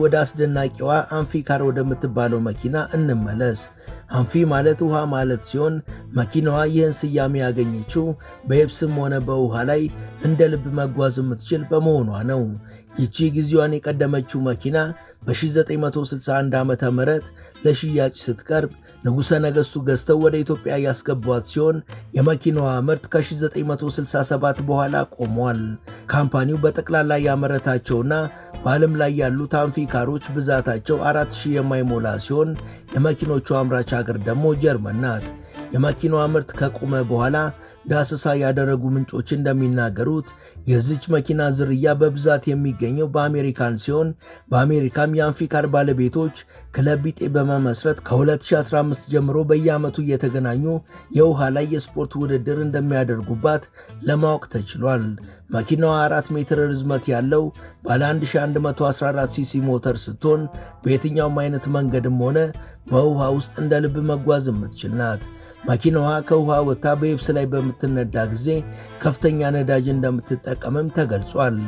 ወደ አስደናቂዋ አንፊ ካር ወደምትባለው መኪና እንመለስ። አንፊ ማለት ውሃ ማለት ሲሆን መኪናዋ ይህን ስያሜ ያገኘችው በየብስም ሆነ በውሃ ላይ እንደ ልብ መጓዝ የምትችል በመሆኗ ነው። ይቺ ጊዜዋን የቀደመችው መኪና በ1961 ዓ ም ለሽያጭ ስትቀርብ ንጉሠ ነገሥቱ ገዝተው ወደ ኢትዮጵያ ያስገቧት ሲሆን የመኪናዋ ምርት ከ1967 በኋላ ቆሟል። ካምፓኒው በጠቅላላ ያመረታቸውና በዓለም ላይ ያሉ ታንፊ ካሮች ብዛታቸው አራት የማይሞላ ሲሆን የመኪኖቹ አምራች ሀገር ደግሞ ጀርመን ናት። የመኪናዋ ምርት ከቆመ በኋላ ዳሰሳ ያደረጉ ምንጮች እንደሚናገሩት የዚች መኪና ዝርያ በብዛት የሚገኘው በአሜሪካን ሲሆን በአሜሪካም የአንፊካር ባለቤቶች ክለብ ቢጤ በመመስረት ከ2015 ጀምሮ በየዓመቱ እየተገናኙ የውሃ ላይ የስፖርት ውድድር እንደሚያደርጉባት ለማወቅ ተችሏል። መኪናዋ 4 ሜትር ርዝመት ያለው ባለ 1114 ሲሲ ሞተር ስትሆን በየትኛውም አይነት መንገድም ሆነ በውሃ ውስጥ እንደ ልብ መጓዝ የምትችል ናት። መኪናዋ ከውሃ ወጥታ በየብስ ላይ በምት በምትነዳ ጊዜ ከፍተኛ ነዳጅ እንደምትጠቀምም ተገልጿል።